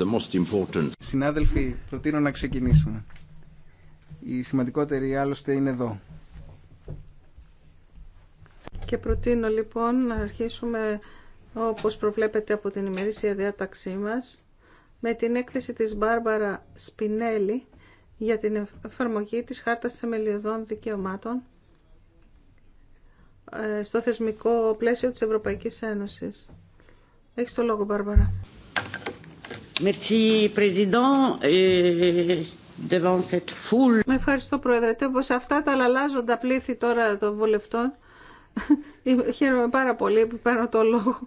Uh, Συνάδελφοι, προτείνω να ξεκινήσουμε. Η σημαντικότερη άλλωστε είναι εδώ. Και προτείνω λοιπόν να αρχίσουμε όπως προβλέπετε από την ημερήσια διάταξή μας με την έκθεση της Μπάρμπαρα Σπινέλη για την εφαρμογή της Χάρτας Θεμελιωδών Δικαιωμάτων ε, στο θεσμικό πλαίσιο της Ευρωπαϊκής Ένωσης. Έχει το λόγο, Μπάρμπαρα. Με ευχαριστώ, Πρόεδρε. Σε αυτά τα λαλάζοντα πλήθη τώρα των βουλευτών, χαίρομαι πάρα πολύ που παίρνω το λόγο.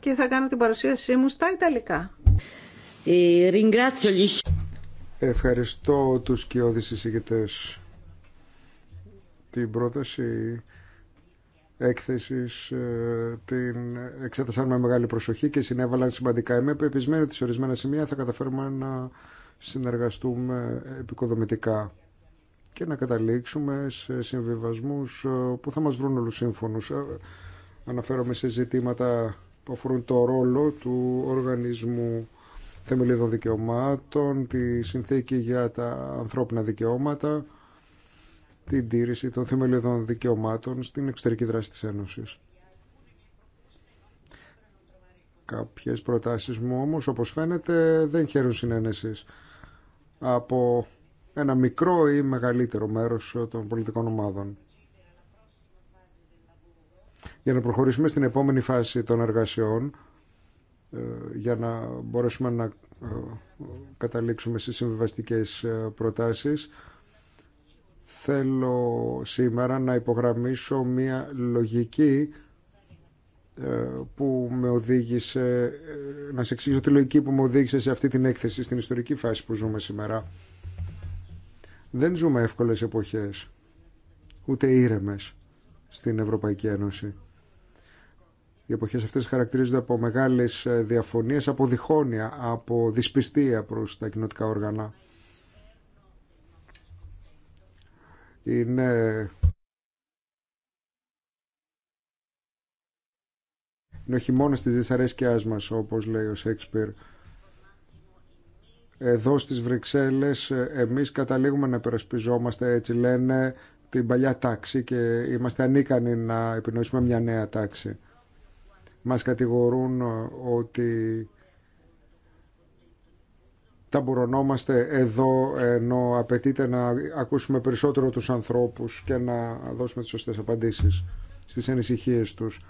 Και θα κάνω την παρουσίασή μου στα Ιταλικά. Ευχαριστώ τους κοιόδης εισηγητές την πρόταση έκθεσης ε, την εξέτασαν με μεγάλη προσοχή και συνέβαλαν σημαντικά. Είμαι πεπισμένη ότι σε ορισμένα σημεία θα καταφέρουμε να συνεργαστούμε επικοδομητικά και να καταλήξουμε σε συμβιβασμούς ε, που θα μας βρουν όλου σύμφωνους. Ε, αναφέρομαι σε ζητήματα που αφορούν το ρόλο του οργανισμού θεμελιδών δικαιωμάτων, τη συνθήκη για τα ανθρώπινα δικαιώματα, την τήρηση των θεμελιωδών δικαιωμάτων στην εξωτερική δράση της Ένωσης. Κάποιες προτάσεις μου όμως, όπως φαίνεται, δεν χαίρουν συνένεσης από ένα μικρό ή μεγαλύτερο μέρος των πολιτικών ομάδων. Για να προχωρήσουμε στην επόμενη φάση των εργασιών, ε, για να μπορέσουμε να ε, καταλήξουμε σε συμβιβαστικές ε, προτάσεις, θέλω σήμερα να υπογραμμίσω μία λογική ε, που με οδήγησε, ε, να σε τη λογική που με οδήγησε σε αυτή την έκθεση, στην ιστορική φάση που ζούμε σήμερα. Δεν ζούμε εύκολες εποχές, ούτε ήρεμες στην Ευρωπαϊκή Ένωση. Οι εποχές αυτές χαρακτηρίζονται από μεγάλες ε, διαφωνίες, από διχόνοια, από δυσπιστία προς τα κοινωτικά όργανα. είναι... Είναι μόνο μόνο στις δυσαρέσκειάς μας, όπως λέει ο Σέξπιρ. Εδώ στις Βρυξέλλες ε, εμείς καταλήγουμε να περασπιζόμαστε, έτσι λένε, την παλιά τάξη και είμαστε ανίκανοι να επινοήσουμε μια νέα τάξη. Μας κατηγορούν ε, ότι τα ταμπουρωνόμαστε εδώ ενώ απαιτείται να ακούσουμε περισσότερο τους ανθρώπους και να δώσουμε τις σωστές απαντήσεις στις ανησυχίες τους.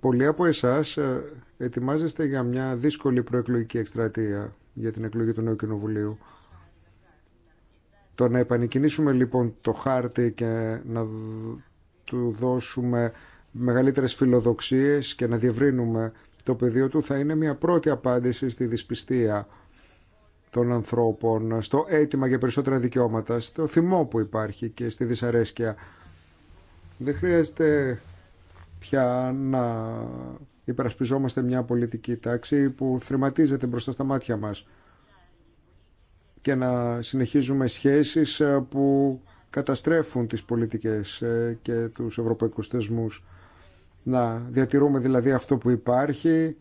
Πολλοί από εσάς ε, ετοιμάζεστε για μια δύσκολη προεκλογική εκστρατεία για την εκλογή του νέου κοινοβουλίου. Το να επανεκκινήσουμε λοιπόν το χάρτη και να του δώσουμε μεγαλύτερες φιλοδοξίες και να διευρύνουμε το πεδίο του θα είναι μια πρώτη απάντηση στη δυσπιστία των ανθρώπων, στο αίτημα για περισσότερα δικαιώματα, στο θυμό που υπάρχει και στη δυσαρέσκεια. Δεν χρειάζεται πια να υπερασπιζόμαστε μια πολιτική τάξη που θρηματίζεται μπροστά στα μάτια μας και να συνεχίζουμε σχέσεις ε, που καταστρέφουν τις πολιτικές ε, και τους ευρωπαϊκούς θεσμούς. Να διατηρούμε δηλαδή αυτό που υπάρχει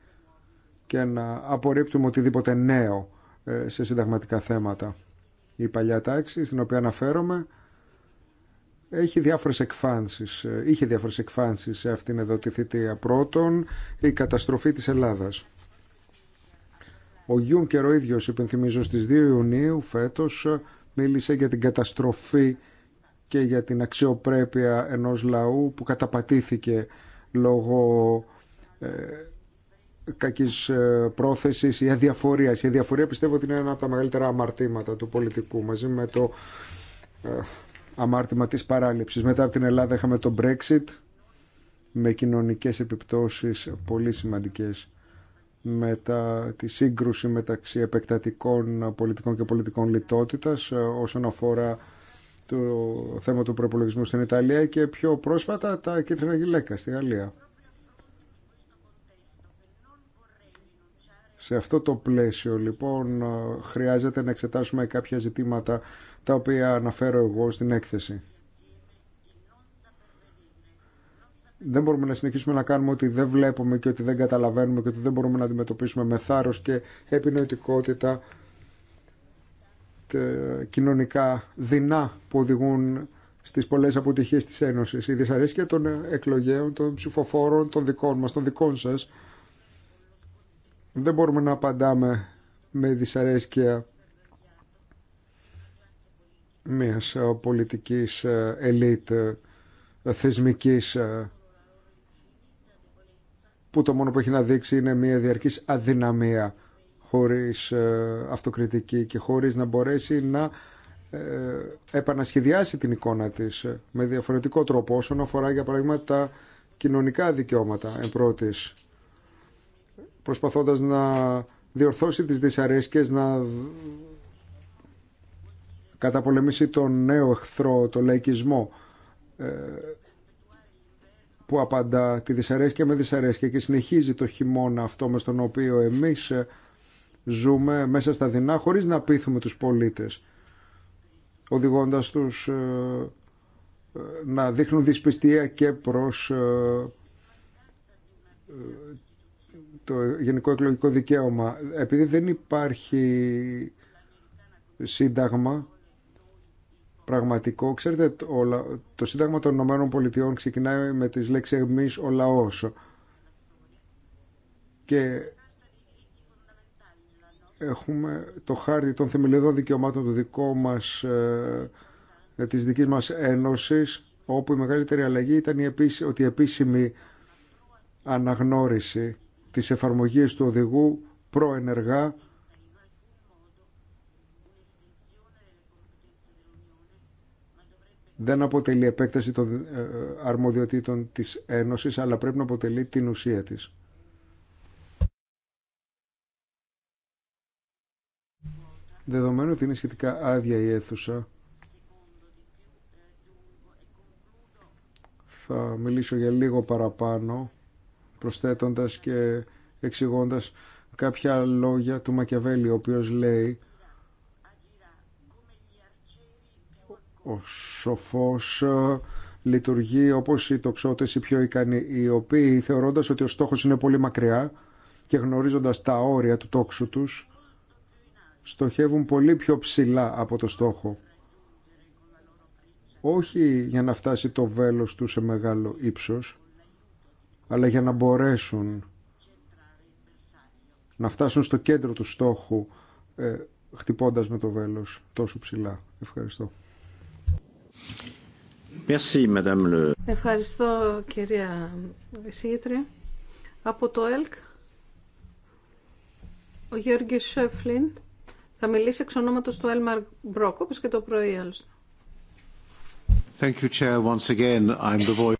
και να απορρίπτουμε οτιδήποτε νέο. Ε, σε συνταγματικά θέματα. Η παλιά τάξη στην οποία αναφέρομαι έχει διάφορες εκφάνσεις, ε, είχε διάφορες εκφάνσεις σε αυτήν εδώ τη θητεία. Πρώτον, η καταστροφή της Ελλάδας. Ο και ο ίδιος, υπενθυμίζω, στις 2 Ιουνίου φέτος ε, μίλησε για την καταστροφή και για την αξιοπρέπεια ενός λαού που καταπατήθηκε λόγω κακή ε, πρόθεση ή αδιαφορία. Η αδιαφορια η πιστεύω ότι είναι ένα από τα μεγαλύτερα αμαρτήματα του πολιτικού μαζί με το ε, αμάρτημα της παράληψης. Μετά από την Ελλάδα είχαμε το Brexit με κοινωνικές επιπτώσεις πολύ σημαντικές μετά τη σύγκρουση μεταξύ επεκτατικών πολιτικών και πολιτικών λιτότητας ε, όσον αφορά το θέμα του προπολογισμού στην Ιταλία και πιο πρόσφατα τα κίτρινα γυλαίκα στη Γαλλία. Σε αυτό το πλαίσιο λοιπόν ε, χρειάζεται να εξετάσουμε κάποια ζητήματα τα οποία αναφέρω εγώ στην έκθεση. Δεν μπορούμε να συνεχίσουμε να κάνουμε ότι δεν βλέπουμε και ότι δεν καταλαβαίνουμε και ότι δεν μπορούμε να αντιμετωπίσουμε με θάρρος και επινοητικότητα κοινωνικά δεινά που οδηγούν στις πολλές αποτυχίες της Ένωσης. Η δυσαρέσκεια των εκλογέων, των ψηφοφόρων, των δικών μας, των δικών σας δεν μπορούμε να απαντάμε με δυσαρέσκεια μιας ε, πολιτικής ε, ελίτ ε, θεσμικής που το μόνο που έχει να δείξει είναι μια διαρκής αδυναμία χωρίς αυτοκριτική και χωρίς να μπορέσει να επανασχεδιάσει την εικόνα της με διαφορετικό τρόπο όσον αφορά για παράδειγμα τα κοινωνικά δικαιώματα πρώτης προσπαθώντας να διορθώσει τις δυσαρέσκειες, να καταπολεμήσει τον νέο εχθρό, τον λαϊκισμό ε, που απαντά τη δυσαρέσκεια με δυσαρέσκεια και συνεχίζει το χειμώνα αυτό με τον οποίο εμείς ε, ζούμε μέσα στα δεινά χωρίς να πείθουμε τους πολίτες οδηγώντας τους ε, να δείχνουν δυσπιστία και προς το γενικό εκλογικό δικαίωμα. Επειδή δεν υπάρχει σύνταγμα πραγματικό, ξέρετε, το σύνταγμα των Ηνωμένων Πολιτειών ξεκινάει με τις λέξεις «εμείς ο λαός». Και έχουμε το χάρτη των θεμελιωδών δικαιωμάτων του δικό μας, ε, της δικής μας ένωσης, όπου η μεγαλύτερη αλλαγή ήταν η επίση, ότι η επίσημη αναγνώριση της εφαρμογής του οδηγού προενεργά δεν αποτελεί επέκταση των ε, αρμοδιοτήτων της Ένωσης, αλλά πρέπει να αποτελεί την ουσία της. Δεδομένου ότι είναι σχετικά άδεια η αίθουσα, θα μιλήσω για λίγο παραπάνω προσθέτοντας και εξηγώντας κάποια λόγια του Μακεβέλη, ο οποίος λέει ο σοφός ε, λειτουργεί όπως οι τοξότες οι πιο ικανοί, οι οποίοι θεωρώντας ότι ο στόχος είναι πολύ μακριά και γνωρίζοντας τα όρια του τόξου τους, στοχεύουν πολύ πιο ψηλά από το στόχο. Όχι για να φτάσει το βέλος του σε μεγάλο ύψος, αλλά για να μπορέσουν να φτάσουν στο κέντρο του στόχου ε, χτυπώντας με το βέλος τόσο ψηλά. Ευχαριστώ. Ευχαριστώ κυρία εισηγήτρια. Από το ΕΛΚ, ο Γιώργης Σεφλίν θα μιλήσει εξ ονόματος του Έλμαρ Μπρόκ, όπως και το πρωί άλλωστε.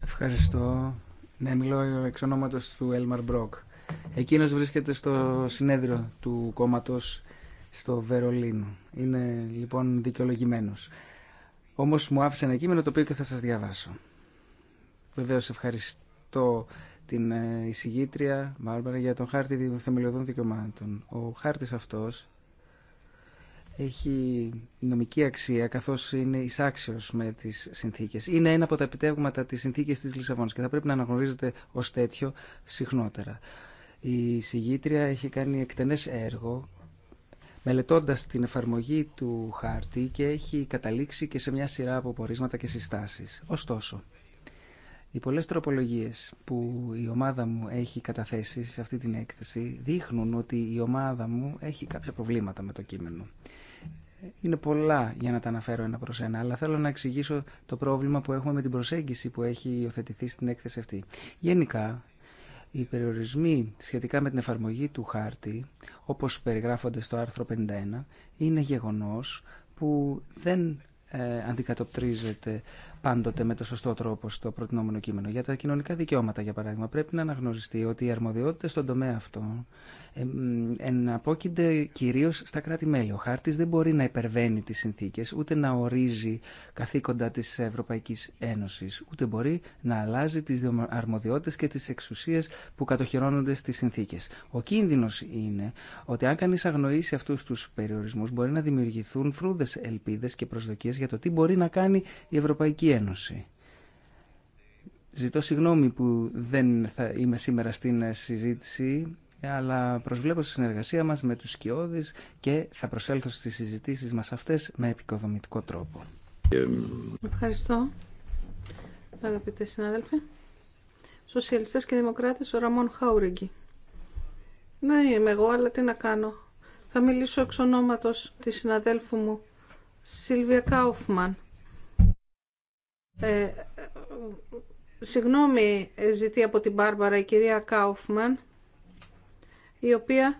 Ευχαριστώ. Ναι, μιλώ εξ ονόματος του Έλμαρ Μπρόκ. Εκείνος βρίσκεται στο συνέδριο του κόμματος στο Βερολίνο. Είναι λοιπόν δικαιολογημένο. Όμως μου άφησε ένα κείμενο το οποίο και θα σας διαβάσω. Βεβαίως ευχαριστώ την ε, εισηγήτρια Μάρμπαρα για τον χάρτη των θεμελιωδών δικαιωμάτων. Ο χάρτης αυτός έχει νομική αξία καθώς είναι εισάξιος με τις συνθήκες. Είναι ένα από τα επιτεύγματα της συνθήκης της Λισαβόνας και θα πρέπει να αναγνωρίζεται ως τέτοιο συχνότερα. Η συγγήτρια έχει κάνει εκτενές έργο μελετώντας την εφαρμογή του χάρτη και έχει καταλήξει και σε μια σειρά από πορίσματα και συστάσεις. Ωστόσο, οι πολλές τροπολογίες που η ομάδα μου έχει καταθέσει σε αυτή την έκθεση δείχνουν ότι η ομάδα μου έχει κάποια προβλήματα με το κείμενο είναι πολλά για να τα αναφέρω ένα προς ένα, αλλά θέλω να εξηγήσω το πρόβλημα που έχουμε με την προσέγγιση που έχει υιοθετηθεί στην έκθεση αυτή. Γενικά, οι περιορισμοί σχετικά με την εφαρμογή του χάρτη, όπως περιγράφονται στο άρθρο 51, είναι γεγονός που δεν ε, αντικατοπτρίζεται πάντοτε με το σωστό τρόπο στο προτινόμενο κείμενο. Για τα κοινωνικά δικαιώματα, για παράδειγμα, πρέπει να αναγνωριστεί ότι οι αρμοδιότητε στον τομέα αυτό εναπόκεινται κυρίως στα κράτη-μέλη. Ο χάρτης δεν μπορεί να υπερβαίνει τις συνθήκες, ούτε να ορίζει καθήκοντα της Ευρωπαϊκής Ένωσης, ούτε μπορεί να αλλάζει τις αρμοδιότητες και τις εξουσίες που κατοχυρώνονται στις συνθήκες. Ο κίνδυνος είναι ότι αν κανείς αγνοήσει αυτούς τους περιορισμούς μπορεί να δημιουργηθούν φρούδες ελπίδες και προσδοκίες για το τι μπορεί να κάνει η Ευρωπαϊκή Ένωση. Ζητώ συγγνώμη που δεν θα είμαι σήμερα στην συζήτηση ε, αλλά προσβλέπω στη συνεργασία μας με τους σκιώδεις και θα προσέλθω στις συζητήσεις μας αυτές με επικοδομητικό τρόπο. Ευχαριστώ, αγαπητοί συνάδελφοι. Σοσιαλιστές και Δημοκράτες, ο Ραμόν Χάουρεγγι. Δεν είμαι εγώ, αλλά τι να κάνω. Θα μιλήσω εξ ονόματος της συναδέλφου μου, Σίλβια Κάουφμαν. Ε, ε συγγνώμη, ζητεί από την Μπάρμπαρα η κυρία Κάουφμαν η οποία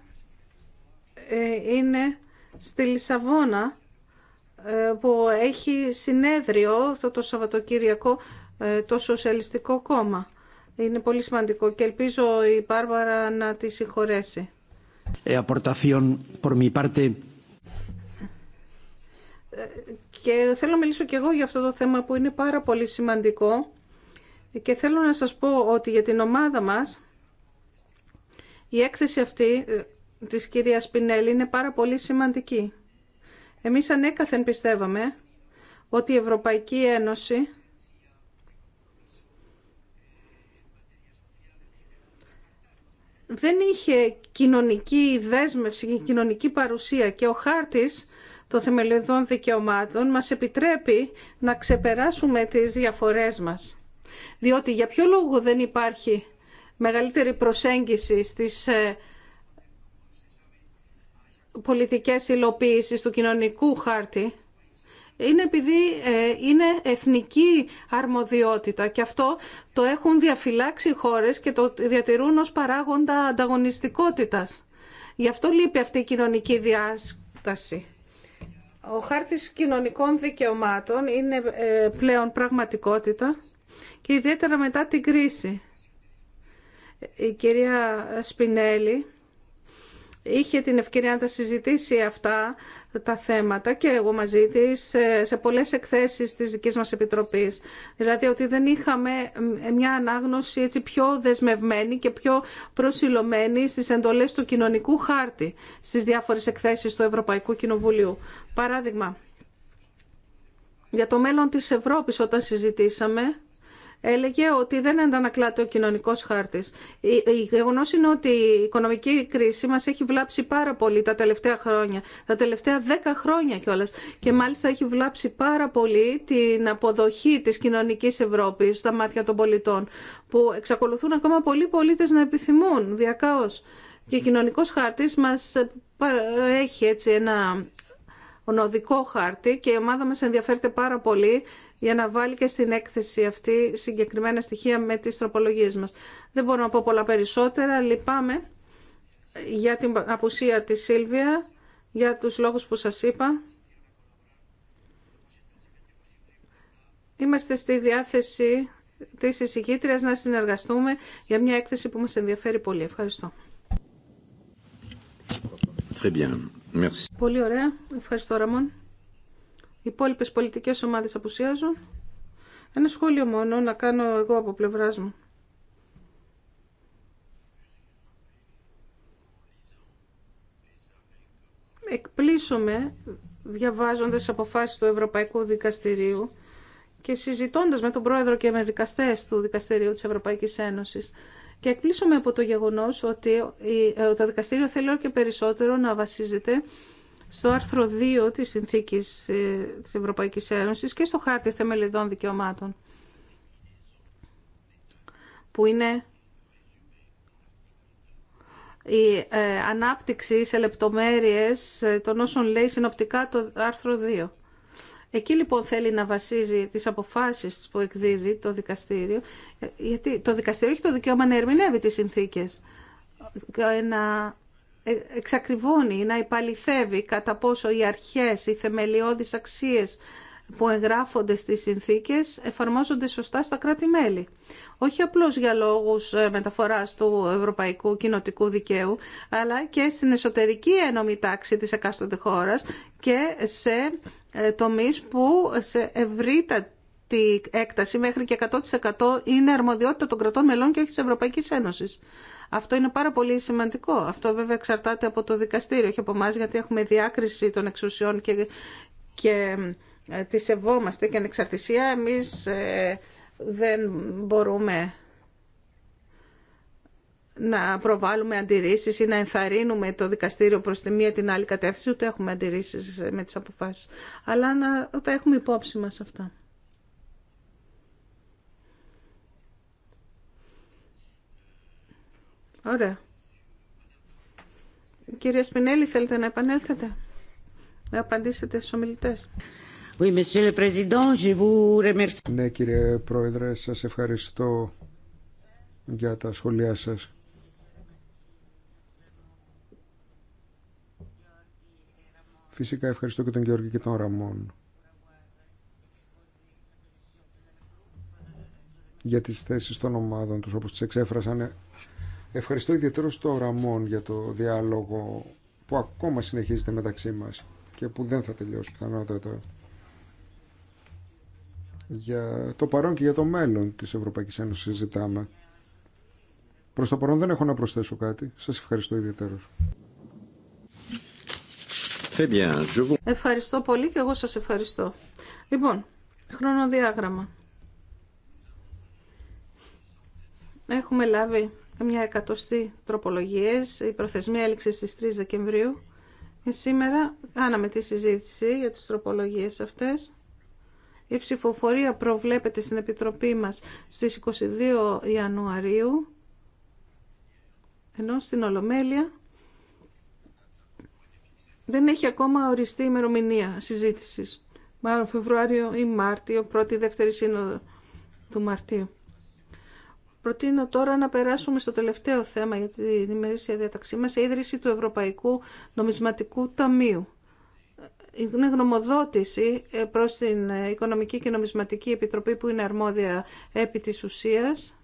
ε, είναι στη Λισαβόνα ε, που έχει συνέδριο αυτό το Σαββατοκύριακο ε, το Σοσιαλιστικό Κόμμα. Είναι πολύ σημαντικό και ελπίζω η Πάρβαρα να τη συγχωρέσει. Και θέλω να μιλήσω και εγώ για αυτό το θέμα που είναι πάρα πολύ σημαντικό και θέλω να σας πω ότι για την ομάδα μας η έκθεση αυτή ε, της κυρίας Πινέλη είναι πάρα πολύ σημαντική. Εμείς ανέκαθεν πιστεύαμε ότι η Ευρωπαϊκή Ένωση δεν είχε κοινωνική δέσμευση και κοινωνική παρουσία και ο χάρτης των θεμελιωδών δικαιωμάτων μας επιτρέπει να ξεπεράσουμε τις διαφορές μας. Διότι για ποιο λόγο δεν υπάρχει μεγαλύτερη προσέγγιση στις ε, πολιτικές υλοποίησης του κοινωνικού χάρτη είναι επειδή ε, είναι εθνική αρμοδιότητα και αυτό το έχουν διαφυλάξει χώρες και το διατηρούν ως παράγοντα ανταγωνιστικότητας. Γι' αυτό λείπει αυτή η κοινωνική διάσταση. Ο χάρτης κοινωνικών δικαιωμάτων είναι ε, πλέον πραγματικότητα και ιδιαίτερα μετά την κρίση η κυρία Σπινέλη είχε την ευκαιρία να τα συζητήσει αυτά τα θέματα και εγώ μαζί της ε, σε πολλές εκθέσεις της δικής μας Επιτροπής. Δηλαδή ότι δεν είχαμε μια ανάγνωση έτσι πιο δεσμευμένη και πιο προσιλωμένη στις εντολές του κοινωνικού χάρτη στις διάφορες εκθέσεις του Ευρωπαϊκού Κοινοβουλίου. Παράδειγμα, για το μέλλον της Ευρώπης όταν συζητήσαμε έλεγε ότι δεν αντανακλάται ο κοινωνικό χάρτης. Η γεγονό είναι ότι η οικονομική κρίση μας έχει βλάψει πάρα πολύ τα τελευταία χρόνια, τα τελευταία δέκα χρόνια κιόλα. Και μάλιστα έχει βλάψει πάρα πολύ την αποδοχή της κοινωνικής Ευρώπης στα μάτια των πολιτών, που εξακολουθούν ακόμα πολλοί πολίτε να επιθυμούν διακαώ. Και ο κοινωνικό χάρτη μα έχει έτσι ένα ονοδικό χάρτη και η ομάδα μας ενδιαφέρεται πάρα πολύ για να βάλει και στην έκθεση αυτή συγκεκριμένα στοιχεία με τις τροπολογίες μας. Δεν μπορώ να πω πολλά περισσότερα. Λυπάμαι για την απουσία της Σίλβια, για τους λόγους που σας είπα. Είμαστε στη διάθεση της εισηγήτριας να συνεργαστούμε για μια έκθεση που μας ενδιαφέρει πολύ. Ευχαριστώ. Très bien. Πολύ ωραία. Ευχαριστώ, Ραμόν. Οι υπόλοιπε πολιτικέ ομάδε απουσιάζουν. Ένα σχόλιο μόνο να κάνω εγώ από πλευρά μου. Εκπλήσωμαι διαβάζοντας αποφάσεις του Ευρωπαϊκού Δικαστηρίου και συζητώντας με τον Πρόεδρο και με δικαστές του Δικαστηρίου της Ευρωπαϊκής Ένωσης και εκπλήσωμαι από το γεγονός ότι ε, το δικαστήριο θέλει όλο και περισσότερο να βασίζεται στο άρθρο 2 της Συνθήκης ε, της Ευρωπαϊκής Ένωσης και στο χάρτη θεμελιδών δικαιωμάτων, που είναι η ε, ανάπτυξη σε λεπτομέρειες των όσων λέει συνοπτικά το άρθρο 2. Εκεί λοιπόν θέλει να βασίζει τις αποφάσεις που εκδίδει το δικαστήριο, γιατί το δικαστήριο έχει το δικαίωμα να ερμηνεύει τις συνθήκες, να ε, εξακριβώνει, να υπαλληθεύει κατά πόσο οι αρχές, οι θεμελιώδεις αξίες που εγγράφονται στις συνθήκες εφαρμόζονται σωστά στα κράτη-μέλη. Όχι απλώς για λόγους ε, μεταφοράς του ευρωπαϊκού κοινοτικού δικαίου, αλλά και στην εσωτερική ένωμη τάξη της εκάστοτε χώρας και σε ε, τομείς που σε ευρύτατη έκταση μέχρι και 100% είναι αρμοδιότητα των κρατών μελών και όχι της Ευρωπαϊκής Ένωσης. Αυτό είναι πάρα πολύ σημαντικό. Αυτό βέβαια εξαρτάται από το δικαστήριο, όχι από εμά, γιατί έχουμε διάκριση των εξουσιών και ε, τη σεβόμαστε και ανεξαρτησία εμείς ε, δεν μπορούμε να προβάλλουμε αντιρρήσεις ή να ενθαρρύνουμε το δικαστήριο προς τη μία την άλλη κατεύθυνση, ούτε έχουμε αντιρρήσεις ε, με τις αποφάσεις. Αλλά να τα έχουμε υπόψη μας αυτά. Ωραία. Κυρία Σπινέλη, θέλετε να επανέλθετε, να απαντήσετε στους ομιλητές. Ναι, κύριε Πρόεδρε, σας ευχαριστώ για τα σχόλιά σας. Φυσικά ευχαριστώ και τον Γιώργη και τον Ραμόν για τις θέσεις των ομάδων τους όπως τις εξέφρασαν. Ευχαριστώ ιδιαίτερα τον Ραμόν για το διάλογο που ακόμα συνεχίζεται μεταξύ μας και που δεν θα τελειώσει πιθανότατα για το παρόν και για το μέλλον της Ευρωπαϊκής Ένωσης ζητάμε. Προς το παρόν δεν έχω να προσθέσω κάτι. Σας ευχαριστώ ιδιαίτερως. Ευχαριστώ πολύ και εγώ σας ευχαριστώ. Λοιπόν, χρονοδιάγραμμα. Έχουμε λάβει μια εκατοστή τροπολογίες, η προθεσμία έληξε στις 3 Δεκεμβρίου. σήμερα κάναμε τη συζήτηση για τις τροπολογίες αυτές. Η ψηφοφορία προβλέπεται στην Επιτροπή μας στις 22 Ιανουαρίου, ενώ στην Ολομέλεια δεν έχει ακόμα οριστεί ημερομηνία συζήτησης. Μάλλον Φεβρουάριο ή Μάρτιο, πρώτη δεύτερη σύνοδο του Μαρτίου. Προτείνω τώρα να περάσουμε στο τελευταίο θέμα για την ημερήσια διαταξή μας, η ίδρυση του Ευρωπαϊκού Νομισματικού Ταμείου είναι γνωμοδότηση ε, προς την Οικονομική και Νομισματική Επιτροπή που είναι αρμόδια επί της ουσίας.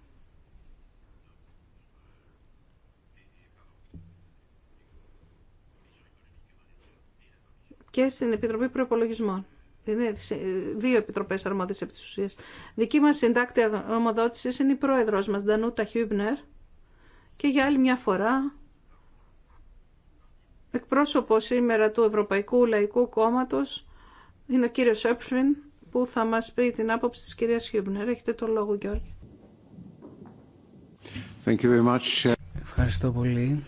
Και στην Επιτροπή Προπολογισμών. Είναι ε, δύο επιτροπές αρμόδιες επί της ουσίας. Δική μας συντάκτη γνωμοδότησης είναι η πρόεδρος μας, Ντανούτα Χιούμπνερ. Και για άλλη μια φορά εκπρόσωπο σήμερα του Ευρωπαϊκού Λαϊκού Κόμματος είναι ο κύριο Έπφριν που θα μα πει την άποψη τη κύρια Χιούμπνερ. Έχετε το λόγο Γιώργη. Ευχαριστώ πολύ.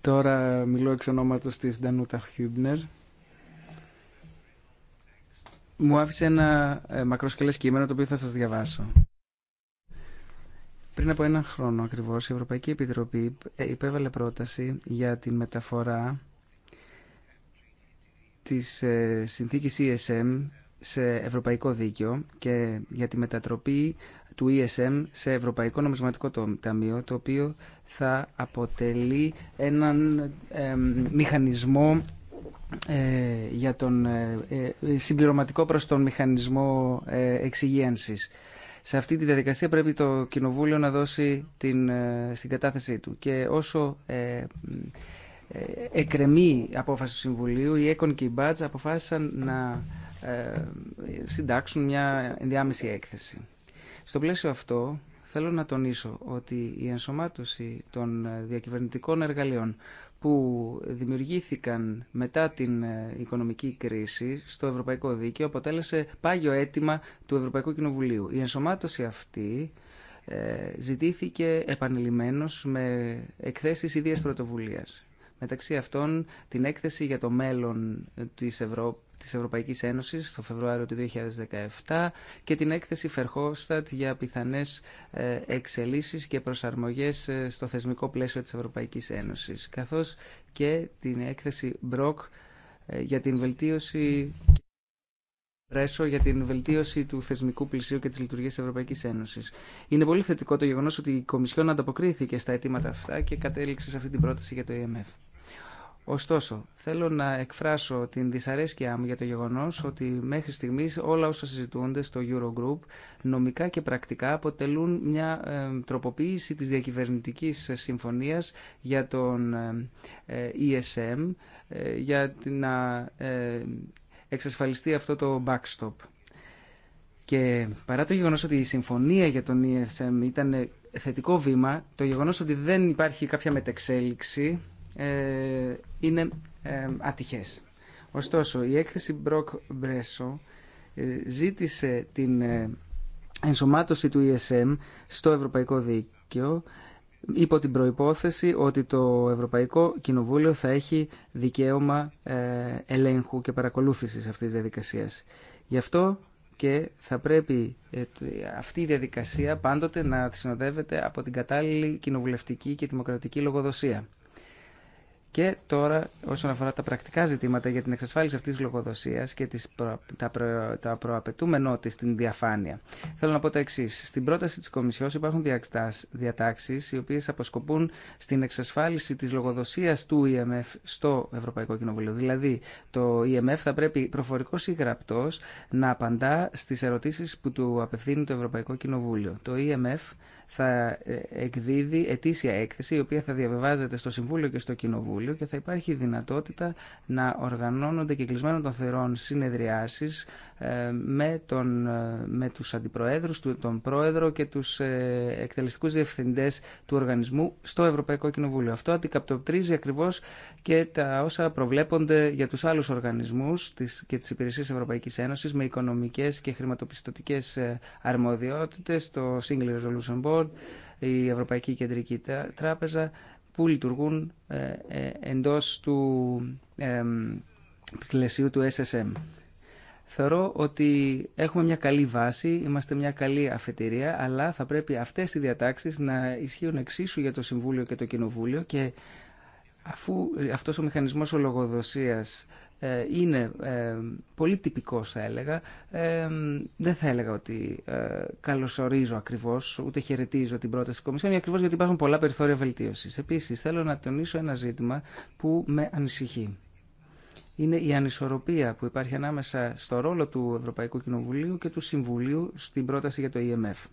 Τώρα μιλώ εξ ονόματος της Ντανούτα Χιούμπνερ. Μου άφησε ένα ε, μακροσκελές κείμενο το οποίο θα σας διαβάσω. Πριν από ένα χρόνο ακριβώς η Ευρωπαϊκή Επιτροπή υπέβαλε πρόταση για τη μεταφορά της ε, συνθήκης ESM σε ευρωπαϊκό δίκαιο και για τη μετατροπή του ESM σε Ευρωπαϊκό Νομισματικό Ταμείο, το οποίο θα αποτελεί έναν μηχανισμό ε, για τον ε, συμπληρωματικό προς τον μηχανισμό εξυγίανσης. Σε αυτή τη διαδικασία πρέπει το Κοινοβούλιο να δώσει την ε, συγκατάθεσή του. Και όσο ε, ε, εκρεμεί η απόφαση του Συμβουλίου, η ΕΚΟΝ και οι Μπάτζ αποφάσισαν να ε, συντάξουν μια ενδιάμεση έκθεση. Στο πλαίσιο αυτό, θέλω να τονίσω ότι η ενσωμάτωση των ε, διακυβερνητικών εργαλείων που δημιουργήθηκαν μετά την ε, οικονομική κρίση στο Ευρωπαϊκό Δίκαιο αποτέλεσε πάγιο αίτημα του Ευρωπαϊκού Κοινοβουλίου. Η ενσωμάτωση αυτή ε, ζητήθηκε επανειλημμένως με εκθέσεις ίδιας πρωτοβουλίας. Μεταξύ αυτών την έκθεση για το μέλλον της Ευρώπης της Ευρωπαϊκής Ένωσης το Φεβρουάριο του 2017 και την έκθεση Φερχόστατ για πιθανές ε, εξελίσεις και προσαρμογές ε, στο θεσμικό πλαίσιο της Ευρωπαϊκής Ένωσης καθώς και την έκθεση Μπροκ ε, για την βελτίωση για την βελτίωση του θεσμικού πλησίου και τη λειτουργία τη Ευρωπαϊκή Ένωση. Είναι πολύ θετικό το γεγονό ότι η Κομισιόν ανταποκρίθηκε στα αιτήματα αυτά και κατέληξε σε αυτή την πρόταση για το EMF. Ωστόσο, θέλω να εκφράσω την δυσαρέσκειά μου για το γεγονό ότι μέχρι στιγμής όλα όσα συζητούνται στο Eurogroup νομικά και πρακτικά αποτελούν μια ε, τροποποίηση της διακυβερνητική συμφωνίας για τον ε, ε, ESM για να εξασφαλιστεί αυτό το backstop. Και παρά το γεγονός ότι η συμφωνία για τον ESM ήταν θετικό βήμα, το γεγονός ότι δεν υπάρχει κάποια μετεξέλιξη ε, είναι ε, ατυχές. Ωστόσο, η έκθεση Μπροκ Μπρέσο ε, ζήτησε την ενσωμάτωση του ESM στο Ευρωπαϊκό Δίκαιο υπό την προϋπόθεση ότι το Ευρωπαϊκό Κοινοβούλιο θα έχει δικαίωμα ελέγχου και παρακολούθησης αυτής της διαδικασίας. Γι' αυτό και θα πρέπει αυτή η διαδικασία πάντοτε να συνοδεύεται από την κατάλληλη κοινοβουλευτική και δημοκρατική λογοδοσία. Και τώρα, όσον αφορά τα πρακτικά ζητήματα για την εξασφάλιση αυτή τη λογοδοσία και τις τα, προ... τα προαπαιτούμενό τη στην διαφάνεια, θέλω να πω τα εξή. Στην πρόταση τη Κομισιό υπάρχουν διατάξει οι οποίε αποσκοπούν στην εξασφάλιση τη λογοδοσία του EMF στο Ευρωπαϊκό Κοινοβούλιο. Δηλαδή, το EMF θα πρέπει προφορικό ή γραπτό να απαντά στι ερωτήσει που του απευθύνει το Ευρωπαϊκό Κοινοβούλιο. Το EMF θα ε, εκδίδει ετήσια έκθεση η οποία θα διαβεβάζεται στο Συμβούλιο και στο Κοινοβούλιο και θα υπάρχει δυνατότητα να οργανώνονται και των θερών συνεδριάσεις ε, με, τον, ε, με τους αντιπροέδρους, τον πρόεδρο και τους ε, εκτελεστικούς διευθυντές του οργανισμού στο Ευρωπαϊκό Κοινοβούλιο. Αυτό αντικαπτοπτρίζει ακριβώς και τα όσα προβλέπονται για τους άλλους οργανισμούς και τις υπηρεσίες Ευρωπαϊκής Ένωσης με οικονομικές και χρηματοπιστωτικές αρμοδιότητες, το Single Resolution Board, η Ευρωπαϊκή Κεντρική Τράπεζα που λειτουργούν εντός του πλαισίου του SSM. Θεωρώ ότι έχουμε μια καλή βάση, είμαστε μια καλή αφετηρία, αλλά θα πρέπει αυτές οι διατάξεις να ισχύουν εξίσου για το Συμβούλιο και το Κοινοβούλιο και αφού ε, αυτός ο μηχανισμός ολογοδοσίας ε, είναι ε, πολύ τυπικός θα έλεγα δεν θα έλεγα ότι ε, καλωσορίζω ακριβώς ούτε χαιρετίζω την πρόταση της Κομισιόν ακριβώς γιατί υπάρχουν πολλά περιθώρια βελτίωσης επίσης θέλω να τονίσω ένα ζήτημα που με ανησυχεί είναι η ανισορροπία που υπάρχει ανάμεσα στο ρόλο του Ευρωπαϊκού Κοινοβουλίου και του Συμβουλίου στην πρόταση για το IMF.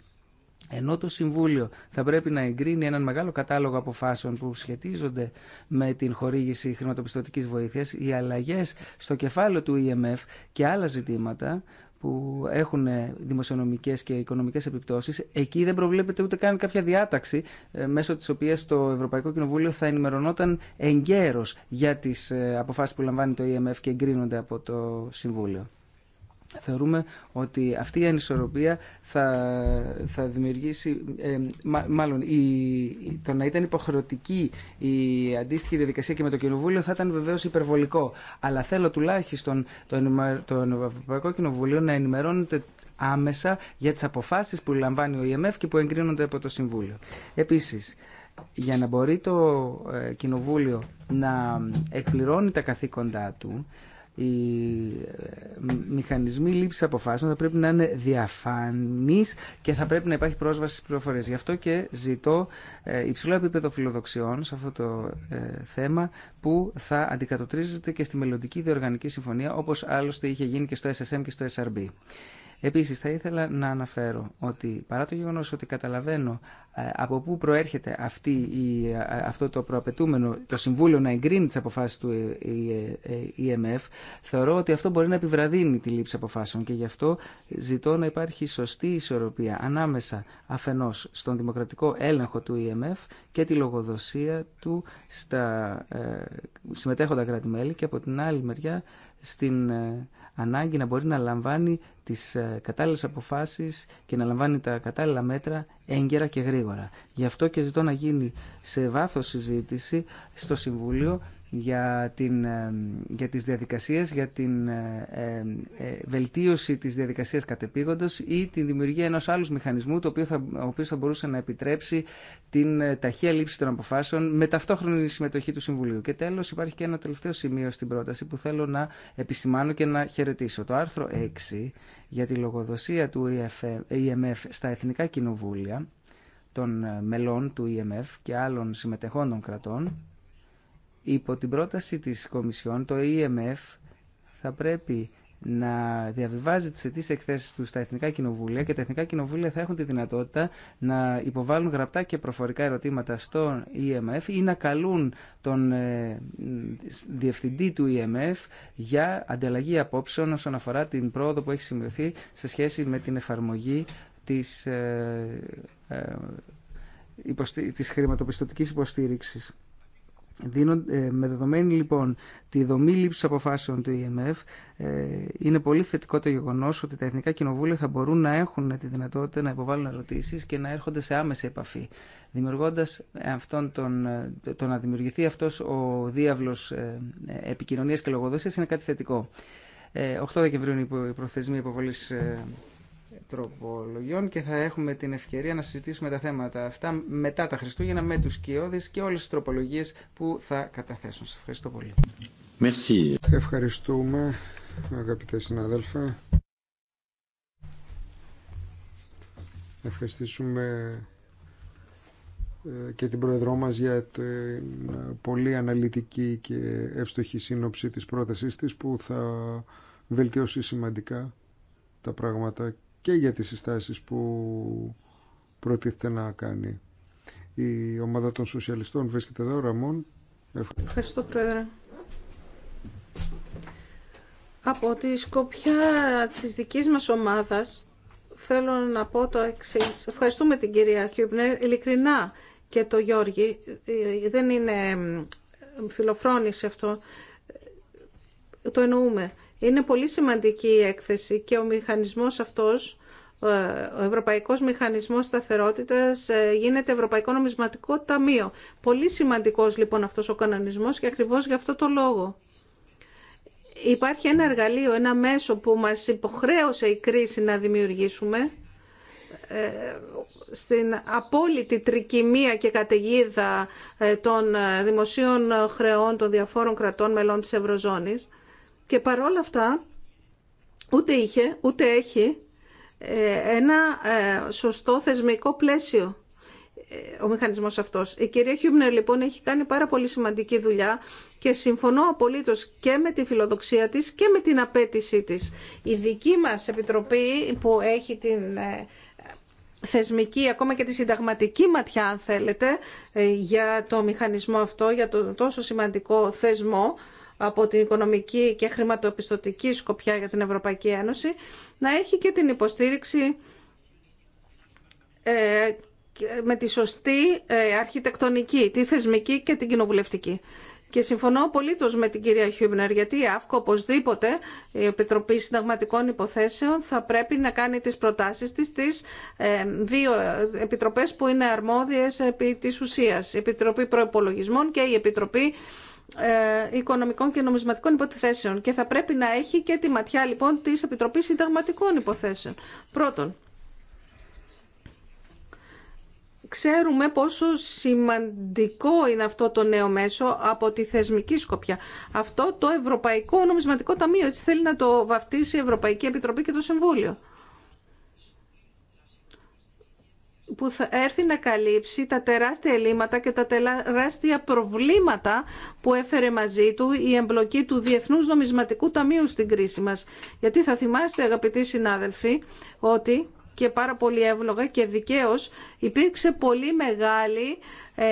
E Ενώ το Συμβούλιο θα πρέπει να εγκρίνει έναν μεγάλο κατάλογο αποφάσεων που σχετίζονται με την χορήγηση χρηματοπιστωτικής βοήθειας, οι αλλαγές στο κεφάλαιο του IMF e και άλλα ζητήματα που έχουν δημοσιονομικές και οικονομικές επιπτώσεις, εκεί δεν προβλέπεται ούτε καν κάποια διάταξη ε, μέσω της οποίας το Ευρωπαϊκό Κοινοβούλιο θα ενημερωνόταν εγκαίρως για τις ε, αποφάσεις που λαμβάνει το IMF e και εγκρίνονται από το Συμβούλιο θεωρούμε ότι αυτή η ανισορροπία θα, θα δημιουργήσει, ε, μάλλον η, το να ήταν υποχρεωτική η αντίστοιχη διαδικασία και με το Κοινοβούλιο θα ήταν βεβαίω υπερβολικό. Αλλά θέλω τουλάχιστον το, το Ευρωπαϊκό Κοινοβούλιο να ενημερώνεται άμεσα για τις αποφάσεις που λαμβάνει ο ΕΜΕΦ και που εγκρίνονται από το Συμβούλιο. Επίσης, για να μπορεί το ε, Κοινοβούλιο να ε, εκπληρώνει τα καθήκοντά του, οι ε, μηχανισμοί λήψη αποφάσεων θα πρέπει να είναι διαφανείς και θα πρέπει να υπάρχει πρόσβαση στις πληροφορίες. Γι' αυτό και ζητώ ε, υψηλό επίπεδο φιλοδοξιών σε αυτό το ε, θέμα που θα αντικατοπτρίζεται και στη μελλοντική διοργανική συμφωνία όπως άλλωστε είχε γίνει και στο SSM και στο SRB. Επίσης θα ήθελα να αναφέρω ότι παρά το γεγονός ότι καταλαβαίνω ε, από πού προέρχεται αυτή η, ε, αυτό το προαπαιτούμενο το Συμβούλιο να εγκρίνει τις αποφάσεις του EMF ε, θεωρώ ότι αυτό μπορεί να επιβραδύνει τη λήψη αποφάσεων και γι' αυτό ζητώ να υπάρχει σωστή ισορροπία ανάμεσα αφενός στον δημοκρατικό έλεγχο του EMF και τη λογοδοσία του στα συμμετέχοντα κράτη-μέλη και από την άλλη μεριά στην ανάγκη να μπορεί να λαμβάνει τις ε, κατάλληλες αποφάσεις και να λαμβάνει τα κατάλληλα μέτρα έγκαιρα και γρήγορα. Γι' αυτό και ζητώ να γίνει σε βάθος συζήτηση στο Συμβούλιο για, την, ε, για τις διαδικασίες, για την ε, ε, βελτίωση της διαδικασίας κατεπήγοντος ή την δημιουργία ενός άλλου μηχανισμού, το οποίο θα, ο οποίος θα μπορούσε να επιτρέψει την ταχεία λήψη των αποφάσεων με ταυτόχρονη συμμετοχή του Συμβουλίου. Και τέλος υπάρχει και ένα τελευταίο σημείο στην πρόταση που θέλω να επισημάνω και να χαιρετήσω. Το άρθρο 6 για τη λογοδοσία του IMF e e στα Εθνικά Κοινοβούλια των μελών του EMF και άλλων συμμετεχόντων κρατών Υπό την πρόταση της Κομισιόν, το EMF θα πρέπει να διαβιβάζει σε τις εκθέσεις του στα Εθνικά Κοινοβούλια και τα Εθνικά Κοινοβούλια θα έχουν τη δυνατότητα να υποβάλουν γραπτά και προφορικά ερωτήματα στον EMF ή να καλούν τον ε, διευθυντή του EMF για ανταλλαγή απόψεων όσον αφορά την πρόοδο που έχει σημειωθεί σε σχέση με την εφαρμογή της, ε, ε, της χρηματοπιστωτικής υποστήριξης. Ε, με δεδομένη λοιπόν τη δομή λήψη αποφάσεων του IMF, ε, είναι πολύ θετικό το γεγονό ότι τα εθνικά κοινοβούλια θα μπορούν να έχουν τη δυνατότητα να υποβάλουν ερωτήσει και να έρχονται σε άμεση επαφή. Δημιουργώντα αυτόν τον, ε, το να δημιουργηθεί αυτό ο διάβλο επικοινωνία και λογοδοσία είναι κάτι θετικό. 8 Δεκεμβρίου είναι η προθεσμία υποβολή τροπολογιών και θα έχουμε την ευκαιρία να συζητήσουμε τα θέματα αυτά μετά τα Χριστούγεννα με τους κοιόδες και όλες τις τροπολογίες που θα καταθέσουν. Σας ευχαριστώ πολύ. Merci. Ευχαριστούμε αγαπητέ συνάδελφα. Ευχαριστήσουμε ε, και την Πρόεδρό μας για την πολύ αναλυτική και εύστοχη σύνοψη της πρότασής της που θα βελτιώσει σημαντικά τα πράγματα και για τις συστάσεις που προτίθεται να κάνει. Η ομάδα των σοσιαλιστών βρίσκεται εδώ, Ραμόν. Ευχαριστώ. Πρόεδρε. Από τη σκοπιά της δικής μας ομάδας θέλω να πω το εξή. Ευχαριστούμε την κυρία Κιούμπνερ. Ειλικρινά και το Γιώργη, ε, δεν είναι ε, φιλοφρόνηση αυτό, το εννοούμε. Είναι πολύ σημαντική η έκθεση και ο μηχανισμός αυτός, ε, ο Ευρωπαϊκός Μηχανισμός Σταθερότητας ε, γίνεται Ευρωπαϊκό Νομισματικό Ταμείο. Πολύ σημαντικός λοιπόν αυτός ο κανονισμός και ακριβώς γι' αυτό το λόγο. Υπάρχει ένα εργαλείο, ένα μέσο που μας υποχρέωσε η κρίση να δημιουργήσουμε ε, στην απόλυτη τρικυμία και καταιγίδα των δημοσίων χρεών των διαφόρων κρατών μελών της Ευρωζώνης και παρόλα αυτά ούτε είχε ούτε έχει ε, ένα ε, σωστό θεσμικό πλαίσιο ε, ο μηχανισμός αυτός. Η κυρία Χιούμνερ λοιπόν έχει κάνει πάρα πολύ σημαντική δουλειά και συμφωνώ απολύτως και με τη φιλοδοξία της και με την απέτησή της. Η δική μας επιτροπή που έχει την θεσμική, ακόμα και τη συνταγματική ματιά αν θέλετε, για το μηχανισμό αυτό, για το τόσο σημαντικό θεσμό, από την οικονομική και χρηματοπιστωτική σκοπιά για την Ευρωπαϊκή Ένωση, να έχει και την υποστήριξη ε, με τη σωστή ε, αρχιτεκτονική, τη θεσμική και την κοινοβουλευτική. Και συμφωνώ απολύτω με την κυρία Χιούμπνερ, γιατί η ΑΦΚΟ οπωσδήποτε, η Επιτροπή Συνταγματικών Υποθέσεων, θα πρέπει να κάνει τι προτάσει τη στι ε, δύο επιτροπέ που είναι αρμόδιε επί τη ουσία. Η Επιτροπή Προπολογισμών και η Επιτροπή ε, οικονομικών και νομισματικών υποθέσεων και θα πρέπει να έχει και τη ματιά λοιπόν της Επιτροπής Συνταγματικών Υποθέσεων. Πρώτον, ξέρουμε πόσο σημαντικό είναι αυτό το νέο μέσο από τη θεσμική σκοπιά. Αυτό το Ευρωπαϊκό Νομισματικό Ταμείο, έτσι θέλει να το βαφτίσει η Ευρωπαϊκή Επιτροπή και το Συμβούλιο. που θα έρθει να καλύψει τα τεράστια ελλείμματα και τα τεράστια προβλήματα που έφερε μαζί του η εμπλοκή του Διεθνούς Νομισματικού Ταμείου στην κρίση μας. Γιατί θα θυμάστε αγαπητοί συνάδελφοι ότι και πάρα πολύ εύλογα και δικαίως υπήρξε πολύ μεγάλη ε,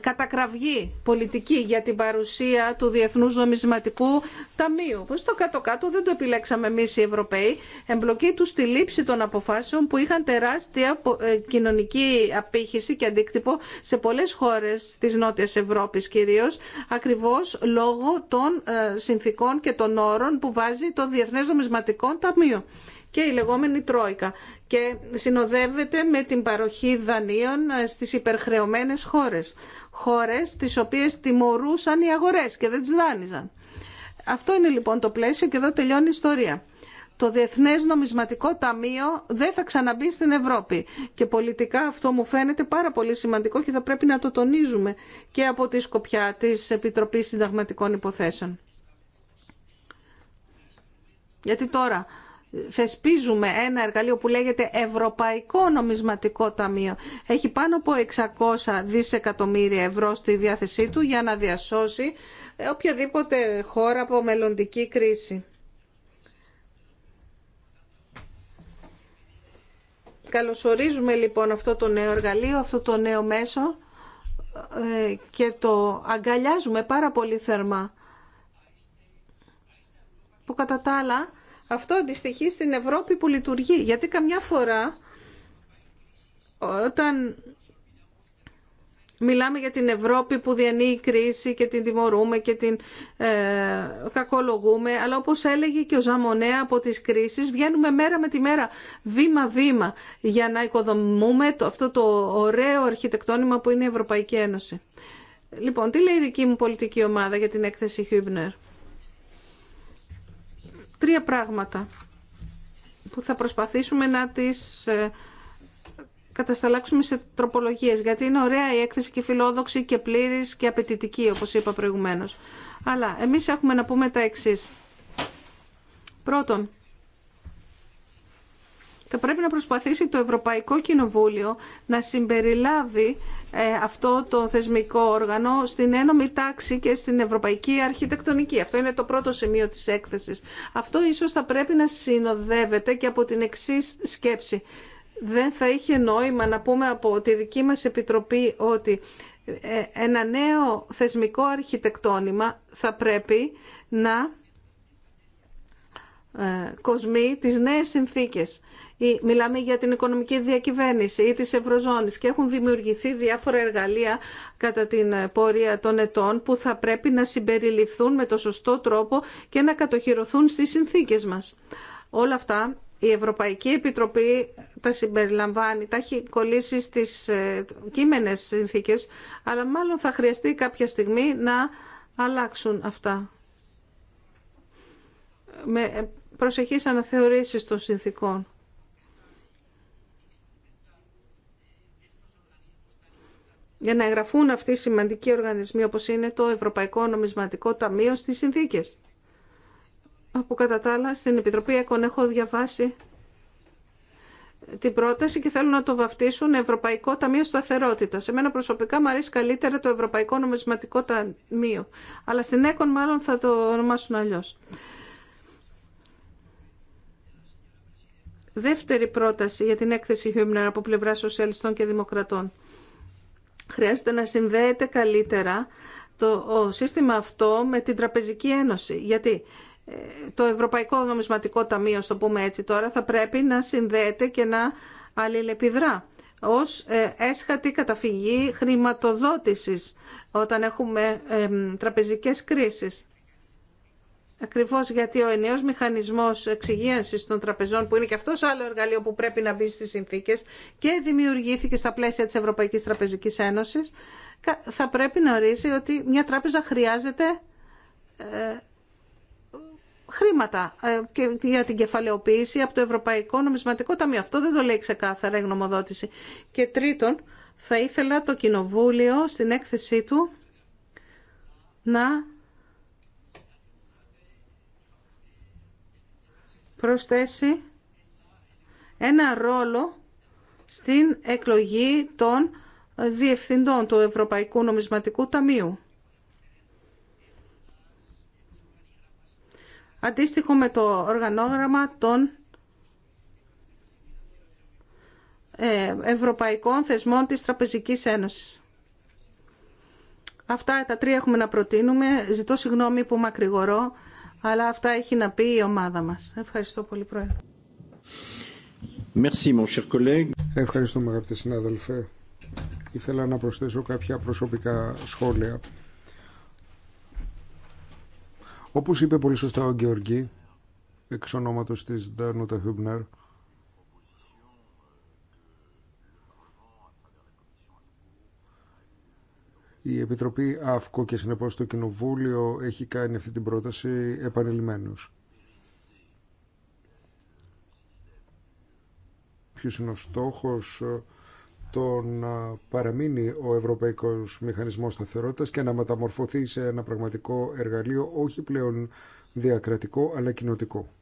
κατακραυγή πολιτική για την παρουσία του Διεθνούς Νομισματικού Ταμείου. Πώς το κάτω-κάτω δεν το επιλέξαμε εμείς οι Ευρωπαίοι. Εμπλοκή του στη λήψη των αποφάσεων που είχαν τεράστια ε, κοινωνική απήχηση και αντίκτυπο σε πολλές χώρες της Νότιας Ευρώπης κυρίως, ακριβώς λόγω των ε, συνθήκων και των όρων που βάζει το Διεθνές Νομισματικό Ταμείο και η λεγόμενη Τρόικα και συνοδεύεται με την παροχή δανείων ε, στις υπερχρεωμένες χώρες. Χώρες τις οποίες τιμωρούσαν οι αγορές και δεν τις δάνειζαν. Αυτό είναι λοιπόν το πλαίσιο και εδώ τελειώνει η ιστορία. Το Διεθνές Νομισματικό Ταμείο δεν θα ξαναμπεί στην Ευρώπη και πολιτικά αυτό μου φαίνεται πάρα πολύ σημαντικό και θα πρέπει να το τονίζουμε και από τη σκοπιά της Επιτροπής Συνταγματικών Υποθέσεων. Γιατί τώρα θεσπίζουμε ένα εργαλείο που λέγεται Ευρωπαϊκό Νομισματικό Ταμείο. Έχει πάνω από 600 δισεκατομμύρια ευρώ στη διάθεσή του για να διασώσει οποιαδήποτε χώρα από μελλοντική κρίση. Καλωσορίζουμε λοιπόν αυτό το νέο εργαλείο, αυτό το νέο μέσο ε, και το αγκαλιάζουμε πάρα πολύ θερμά. Που κατά αυτό αντιστοιχεί στην Ευρώπη που λειτουργεί. Γιατί καμιά φορά όταν μιλάμε για την Ευρώπη που διανύει κρίση και την τιμωρούμε και την ε, κακολογούμε, αλλά όπως έλεγε και ο Ζαμονέα από τις κρίσεις, βγαίνουμε μέρα με τη μέρα, βήμα-βήμα, για να οικοδομούμε το, αυτό το ωραίο αρχιτεκτόνημα που είναι η Ευρωπαϊκή Ένωση. Λοιπόν, τι λέει η δική μου πολιτική ομάδα για την έκθεση Χιούμπνερ τρία πράγματα που θα προσπαθήσουμε να τις ε, κατασταλάξουμε σε τροπολογίες, γιατί είναι ωραία η έκθεση και φιλόδοξη και πλήρης και απαιτητική, όπως είπα προηγουμένως. Αλλά εμείς έχουμε να πούμε τα εξής. Πρώτον, θα πρέπει να προσπαθήσει το Ευρωπαϊκό Κοινοβούλιο να συμπεριλάβει ε, αυτό το θεσμικό όργανο στην ένωμη τάξη και στην ευρωπαϊκή αρχιτεκτονική. Αυτό είναι το πρώτο σημείο της έκθεσης. Αυτό ίσως θα πρέπει να συνοδεύεται και από την εξή σκέψη. Δεν θα είχε νόημα να πούμε από τη δική μας Επιτροπή ότι ε, ένα νέο θεσμικό αρχιτεκτόνημα θα πρέπει να ε, κοσμεί τις νέες συνθήκες μιλάμε για την οικονομική διακυβέρνηση ή της Ευρωζώνης και έχουν δημιουργηθεί διάφορα εργαλεία κατά την ε, πορεία των ετών που θα πρέπει να συμπεριληφθούν με το σωστό τρόπο και να κατοχυρωθούν στις συνθήκες μας. Όλα αυτά η Ευρωπαϊκή Επιτροπή τα συμπεριλαμβάνει, τα έχει κολλήσει στις ε, κείμενες συνθήκες, αλλά μάλλον θα χρειαστεί κάποια στιγμή να αλλάξουν αυτά. Με ε, προσεχής αναθεωρήσεις των συνθήκων. για να εγγραφούν αυτοί οι σημαντικοί οργανισμοί όπως είναι το Ευρωπαϊκό Νομισματικό Ταμείο στις συνθήκες. Από κατά τα άλλα, στην Επιτροπή ΕΚΟΝ έχω διαβάσει την πρόταση και θέλουν να το βαφτίσουν Ευρωπαϊκό Ταμείο Σταθερότητα. Εμένα προσωπικά μου αρέσει καλύτερα το Ευρωπαϊκό Νομισματικό Ταμείο. Αλλά στην ΕΚΟΝ μάλλον θα το ονομάσουν αλλιώ. Δεύτερη πρόταση για την έκθεση Χιούμνερ από πλευρά Σοσιαλιστών και Δημοκρατών χρειάζεται να συνδέεται καλύτερα το σύστημα αυτό με την Τραπεζική Ένωση. Γιατί ε, το Ευρωπαϊκό Νομισματικό Ταμείο, στο πούμε έτσι τώρα, θα πρέπει να συνδέεται και να αλληλεπιδρά ως ε, έσχατη καταφυγή χρηματοδότησης όταν έχουμε τραπεζικές κρίσεις. Ακριβώς γιατί ο ενιαίος μηχανισμός εξυγίανση των τραπεζών που είναι και αυτός άλλο εργαλείο που πρέπει να μπει στι συνθήκε και δημιουργήθηκε στα πλαίσια της Ευρωπαϊκής Τραπεζικής Ένωσης θα πρέπει να ορίσει ότι μια τράπεζα χρειάζεται ε, χρήματα ε, και για την κεφαλαιοποίηση από το Ευρωπαϊκό Νομισματικό Ταμείο. Αυτό δεν το λέει ξεκάθαρα η γνωμοδότηση. Και τρίτον, θα ήθελα το Κοινοβούλιο στην έκθεσή του να προσθέσει ένα ρόλο στην εκλογή των διευθυντών του Ευρωπαϊκού Νομισματικού Ταμείου. Αντίστοιχο με το οργανόγραμμα των ε, Ευρωπαϊκών Θεσμών της Τραπεζικής Ένωσης. Αυτά τα τρία έχουμε να προτείνουμε. Ζητώ συγγνώμη που μακρηγορώ αλλά αυτά έχει να πει η ομάδα μας. Ευχαριστώ πολύ Πρόεδρε. Merci, mon cher collègue. Ευχαριστούμε αγαπητέ συνάδελφε. Ήθελα να προσθέσω κάποια προσωπικά σχόλια. Όπως είπε πολύ σωστά ο Γεωργή, εξ ονόματος της Ντάρνουτα Χιμπνέρ, Η Επιτροπή ΑΦΚΟ και συνεπώς το Κοινοβούλιο έχει κάνει αυτή την πρόταση επανειλημμένως. Ποιος είναι ο στόχος ε, το να ε, παραμείνει ο Ευρωπαϊκός Μηχανισμός Σταθερότητας και να μεταμορφωθεί σε ένα πραγματικό εργαλείο όχι πλέον διακρατικό αλλά κοινοτικό.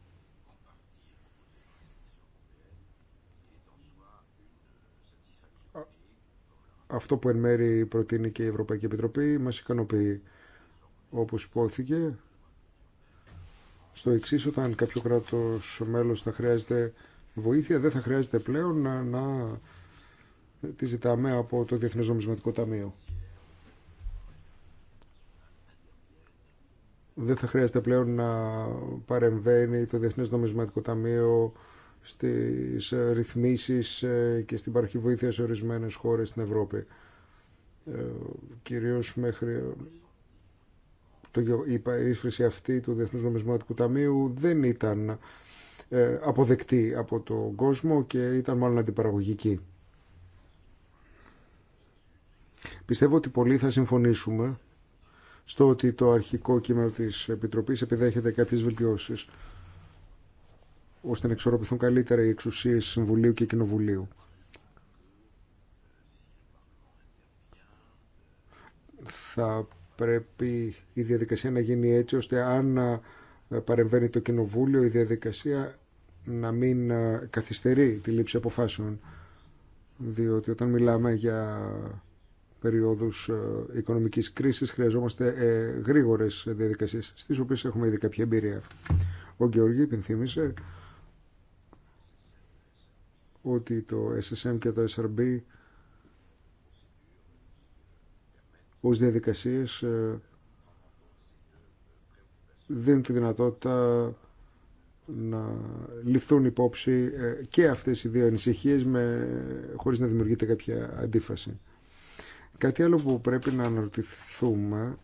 αυτό που εν μέρη προτείνει και η Ευρωπαϊκή Επιτροπή μας ικανοποιεί όπως υπόθηκε στο εξή όταν κάποιο κράτος μέλος θα χρειάζεται βοήθεια δεν θα χρειάζεται πλέον να, να τη ζητάμε από το Διεθνές Νομισματικό Ταμείο. Δεν θα χρειάζεται πλέον να παρεμβαίνει το Διεθνές Νομισματικό Ταμείο στις ε, ρυθμίσεις ε, και στην παροχή βοήθεια σε ορισμένες χώρες στην Ευρώπη. Ε, κυρίως μέχρι η παρήσφρηση αυτή του Διεθνούς Νομισματικού Ταμείου δεν ήταν αποδεκτή από τον κόσμο και ήταν μάλλον αντιπαραγωγική. Πιστεύω ότι πολλοί θα συμφωνήσουμε στο ότι το αρχικό κείμενο της Επιτροπής επιδέχεται κάποιες βελτιώσεις ώστε να εξορροπηθούν καλύτερα οι εξουσίες Συμβουλίου και Κοινοβουλίου. Θα πρέπει η διαδικασία να γίνει έτσι ώστε αν ε, παρεμβαίνει το Κοινοβούλιο η διαδικασία να μην ε, καθυστερεί τη λήψη αποφάσεων διότι όταν μιλάμε για περιόδους ε, οικονομικής κρίσης χρειαζόμαστε γρήγορες διαδικασίες στις οποίες έχουμε ήδη κάποια εμπειρία. Ο Γεωργή υπενθύμησε ότι το SSM και το SRB ως διαδικασίες ε, δίνουν τη δυνατότητα να ληφθούν υπόψη ε, και αυτές οι δύο ανησυχίε με, χωρίς να δημιουργείται κάποια αντίφαση. Κάτι άλλο που πρέπει να αναρωτηθούμε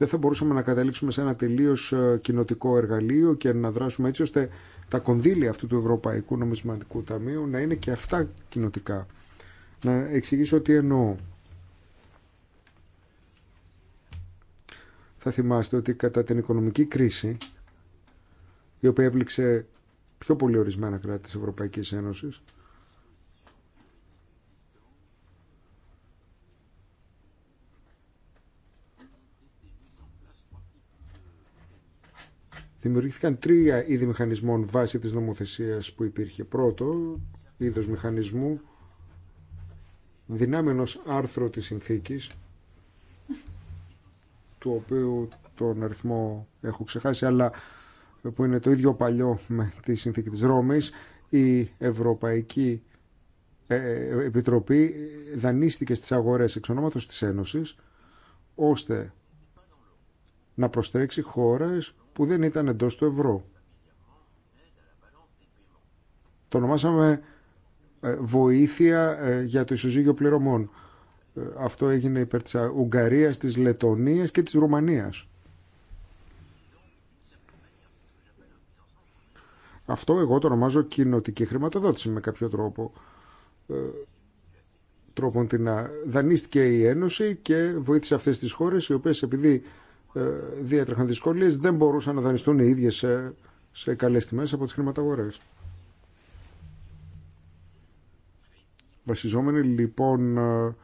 δεν θα μπορούσαμε να καταλήξουμε σε ένα τελείω ε, κοινοτικό εργαλείο και να δράσουμε έτσι ώστε τα κονδύλια αυτού του Ευρωπαϊκού Νομισματικού Ταμείου να είναι και αυτά κοινοτικά. Να εξηγήσω τι εννοώ. Θα θυμάστε ότι κατά την οικονομική κρίση, η οποία έπληξε πιο πολύ ορισμένα κράτη της Ευρωπαϊκής Ένωσης, Δημιουργήθηκαν τρία είδη μηχανισμών βάσει της νομοθεσίας που υπήρχε. Πρώτο, είδος μηχανισμού δυνάμενος άρθρο της συνθήκης του οποίου τον αριθμό έχω ξεχάσει αλλά που είναι το ίδιο παλιό με τη συνθήκη της Ρώμης η Ευρωπαϊκή ε, Επιτροπή δανείστηκε στις αγορές εξ ονόματος της Ένωσης ώστε να προστρέξει χώρες που δεν ήταν εντός του ευρώ. Το ονομάσαμε ε, βοήθεια ε, για το ισοζύγιο πληρωμών. Ε, αυτό έγινε υπέρ της Ουγγαρίας, της Λετωνίας και της Ρουμανίας. Αυτό εγώ το ονομάζω κοινοτική χρηματοδότηση με κάποιο τρόπο. Τρόπον την δανείστηκε η Ένωση και βοήθησε αυτές τις χώρες οι οποίες επειδή ε, διέτρεχαν δυσκολίες, δεν μπορούσαν να δανειστούν οι ίδιες σε, σε καλές τιμές από τις χρηματαγορές. Βασιζόμενοι λοιπόν ε,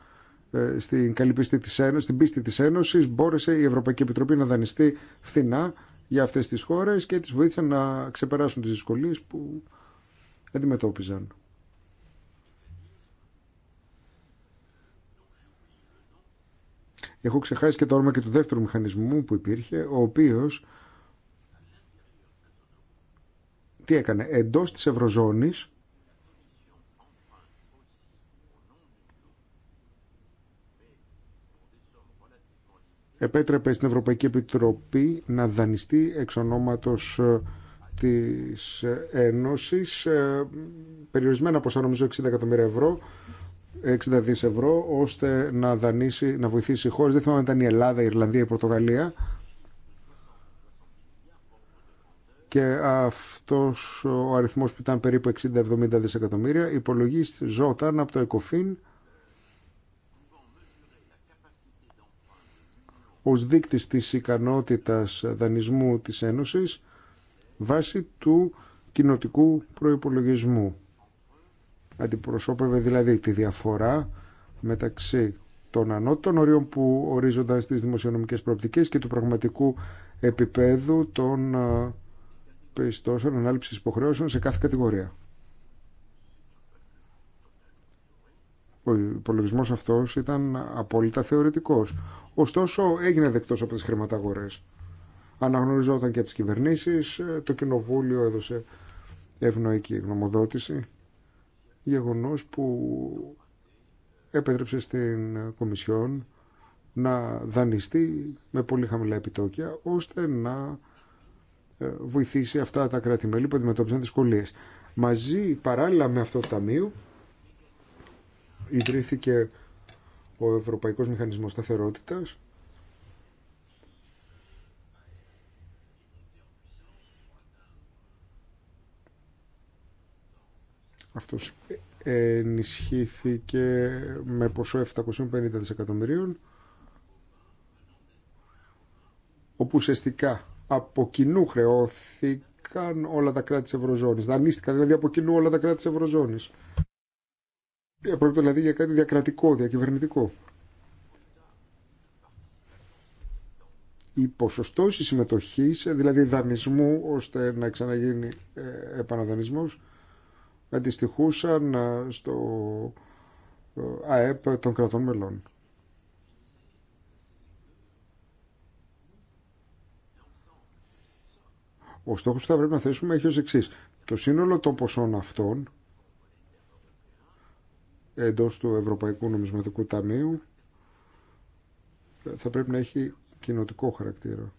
ε, στην καλή πίστη της Ένωσης, στην πίστη της Ένωσης, μπόρεσε η Ευρωπαϊκή Επιτροπή να δανειστεί φθηνά για αυτές τις χώρες και τις βοήθησαν να ξεπεράσουν τις δυσκολίες που αντιμετώπιζαν. Έχω ξεχάσει και το όνομα και του δεύτερου μηχανισμού που υπήρχε, ο οποίος τι έκανε, εντός της Ευρωζώνης επέτρεπε στην Ευρωπαϊκή Επιτροπή να δανειστεί εξ ονόματος ε, της ε, Ένωσης ε, περιορισμένα ποσά νομίζω 60 εκατομμύρια ευρώ 60 δις ευρώ ώστε να, δανείσει, να βοηθήσει χώρες. Δεν θυμάμαι αν ήταν η Ελλάδα, η Ιρλανδία, η Πορτογαλία. Και αυτός ο αριθμός που ήταν περίπου 60-70 δισεκατομμύρια υπολογίζονταν από το ΕΚΟΦΗΝ ως δείκτης της ικανότητας δανεισμού της Ένωσης βάσει του κοινοτικού προϋπολογισμού. Αντιπροσώπευε δηλαδή τη διαφορά μεταξύ των ανώτων ορίων που ορίζονταν στις δημοσιονομικές προοπτικές και του πραγματικού επίπεδου των ε, πιστώσεων ανάληψης υποχρεώσεων σε κάθε κατηγορία. Ο υπολογισμό αυτός ήταν απόλυτα θεωρητικός. Ωστόσο έγινε δεκτός από τις χρηματαγορές. Αναγνωριζόταν και από τις κυβερνήσεις, ε, το κοινοβούλιο έδωσε ευνοϊκή γνωμοδότηση γεγονός που επέτρεψε στην Κομισιόν να δανειστεί με πολύ χαμηλά επιτόκια ώστε να ε, βοηθήσει αυτά τα κράτη-μέλη που αντιμετώπισαν δυσκολίες. Μαζί παράλληλα με αυτό το ταμείο ιδρύθηκε ο Ευρωπαϊκός Μηχανισμός Σταθερότητας Αυτός ε, ενισχύθηκε με ποσό 750 δισεκατομμυρίων όπου ουσιαστικά από κοινού χρεώθηκαν όλα τα κράτη της Ευρωζώνης. Δανείστηκαν δηλαδή από κοινού όλα τα κράτη της Ευρωζώνης. Ε, πρόκειται δηλαδή για κάτι διακρατικό, διακυβερνητικό. η ποσοστώσει συμμετοχή, ε, δηλαδή δανεισμού, ώστε να ξαναγίνει επαναδανεισμός, αντιστοιχούσαν ε, στο ε, ΑΕΠ των κρατών μελών. Ο στόχος που θα πρέπει να θέσουμε έχει ως εξής. Το σύνολο των ποσών αυτών εντός του Ευρωπαϊκού Νομισματικού Ταμείου θα πρέπει να έχει κοινοτικό χαρακτήρα.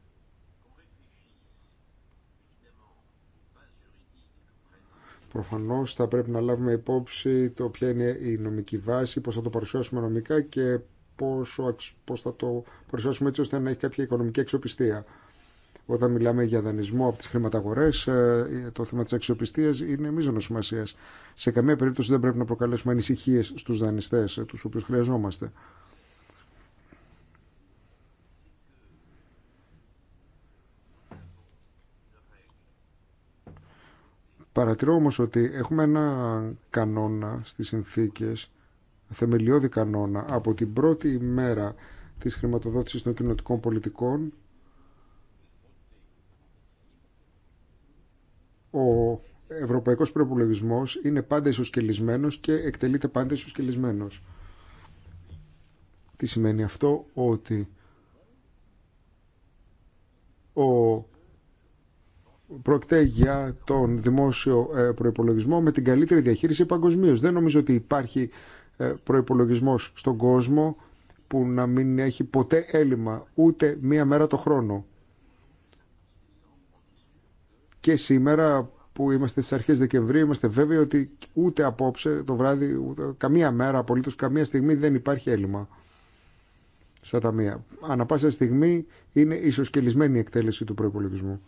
Προφανώς θα πρέπει να λάβουμε υπόψη το ποια είναι η νομική βάση, πώς θα το παρουσιάσουμε νομικά και πόσο, πώς θα το παρουσιάσουμε έτσι ώστε να έχει κάποια οικονομική αξιοπιστία. Όταν μιλάμε για δανεισμό από τις χρηματαγορές, ε, το θέμα της αξιοπιστίας είναι μείζονο σημασία. Σε καμία περίπτωση δεν πρέπει να προκαλέσουμε ανησυχίες στους δανειστές, ε, τους οποίους χρειαζόμαστε. Παρατηρώ όμως ότι έχουμε ένα κανόνα στις συνθήκες, θεμελιώδη κανόνα, από την πρώτη ημέρα της χρηματοδότησης των κοινωτικών πολιτικών, ο ευρωπαϊκός προπολογισμό είναι πάντα ισοσκελισμένος και εκτελείται πάντα ισοσκελισμένος. Τι σημαίνει αυτό, ότι ο Πρόκειται για τον δημόσιο ε, προπολογισμό με την καλύτερη διαχείριση παγκοσμίω. Δεν νομίζω ότι υπάρχει ε, προπολογισμό στον κόσμο που να μην έχει ποτέ έλλειμμα ούτε μία μέρα το χρόνο. Και σήμερα που είμαστε στις αρχές Δεκεμβρίου είμαστε βέβαιοι ότι ούτε απόψε το βράδυ, καμία μέρα απολύτως, καμία στιγμή δεν υπάρχει έλλειμμα στα ταμεία. Ανά πάσα στιγμή είναι ισοσκελισμένη η εκτέλεση του προπολογισμού.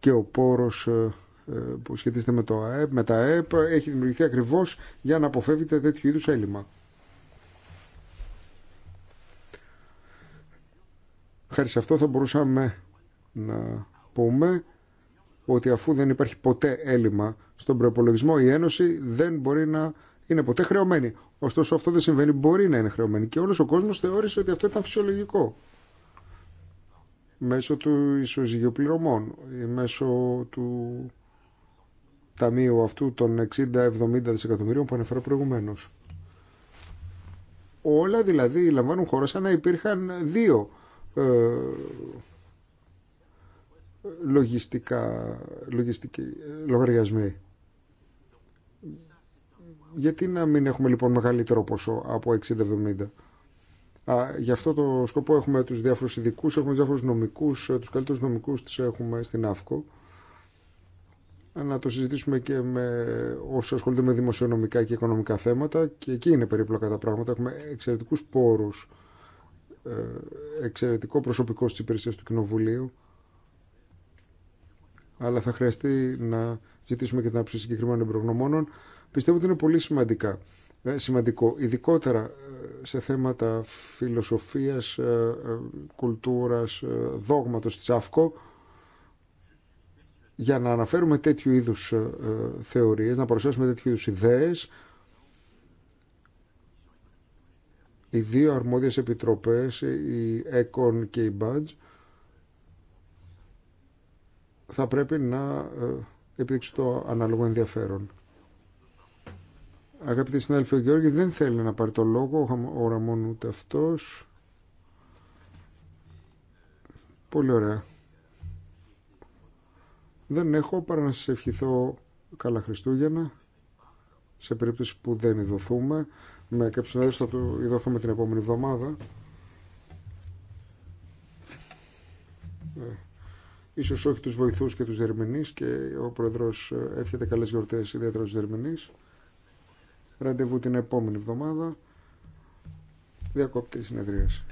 και ο πόρος ε, ε, που σχετίζεται με, το ΑΕΠ, με τα ΑΕΠ έχει δημιουργηθεί ακριβώς για να αποφεύγεται τέτοιου είδους έλλειμμα. Χάρη σε αυτό θα μπορούσαμε να πούμε ότι αφού δεν υπάρχει ποτέ έλλειμμα στον προπολογισμό η Ένωση δεν μπορεί να είναι ποτέ χρεωμένη. Ωστόσο αυτό δεν συμβαίνει, μπορεί να είναι χρεωμένη και όλος ο κόσμος θεώρησε ότι αυτό ήταν φυσιολογικό μέσω του ισοζυγίου πληρωμών, ε, μέσω του ταμείου αυτού των 60-70 δισεκατομμυρίων που ανέφερα προηγουμένω. Όλα δηλαδή λαμβάνουν χώρα σαν να υπήρχαν δύο ε, λογιστικά, λογιστικοί, ε, λογαριασμοί. Γιατί να μην έχουμε λοιπόν μεγαλύτερο ποσό από 60-70. Γι' αυτό το σκοπό έχουμε τους διάφορους ειδικού, έχουμε τους διάφορους νομικούς, ε, τους καλύτερους νομικούς τις έχουμε στην ΑΦΚΟ. Ε, να το συζητήσουμε και με όσους ασχολούνται με δημοσιονομικά και οικονομικά θέματα και εκεί είναι περίπλοκα τα πράγματα. Έχουμε εξαιρετικούς πόρους, ε, εξαιρετικό προσωπικό στις υπηρεσίες του Κοινοβουλίου αλλά θα χρειαστεί να ζητήσουμε και την άποψη συγκεκριμένων εμπειρογνωμόνων. Πιστεύω ότι είναι πολύ σημαντικά ε, σημαντικό, ειδικότερα ε, σε θέματα φιλοσοφίας, ε, κουλτούρας, δόγματος της ΑΦΚΟ, για να αναφέρουμε τέτοιου είδους θεωρίες, να παρουσιάσουμε τέτοιου είδους ιδέες, οι δύο αρμόδιες επιτροπές, η ΕΚΟΝ και η ΜΠΑΤΖ, θα πρέπει να επιδείξουν το ανάλογο ενδιαφέρον. Αγαπητοί συνάδελφοι, ο Γιώργη δεν θέλει να πάρει το λόγο, ο Ραμόν ούτε αυτός. Πολύ ωραία. Δεν έχω παρά να σας ευχηθώ καλά Χριστούγεννα, σε περίπτωση που δεν ειδωθούμε. Με κάποιους συνάδελφους θα το ειδωθούμε την επόμενη εβδομάδα. Ε, ίσως όχι τους βοηθούς και τους δερμηνείς και ο Πρόεδρος ε, εύχεται καλές γιορτές ιδιαίτερα τους δερμηνείς. Ραντεβού την επόμενη εβδομάδα. Διακόπτη συνεδρίαση.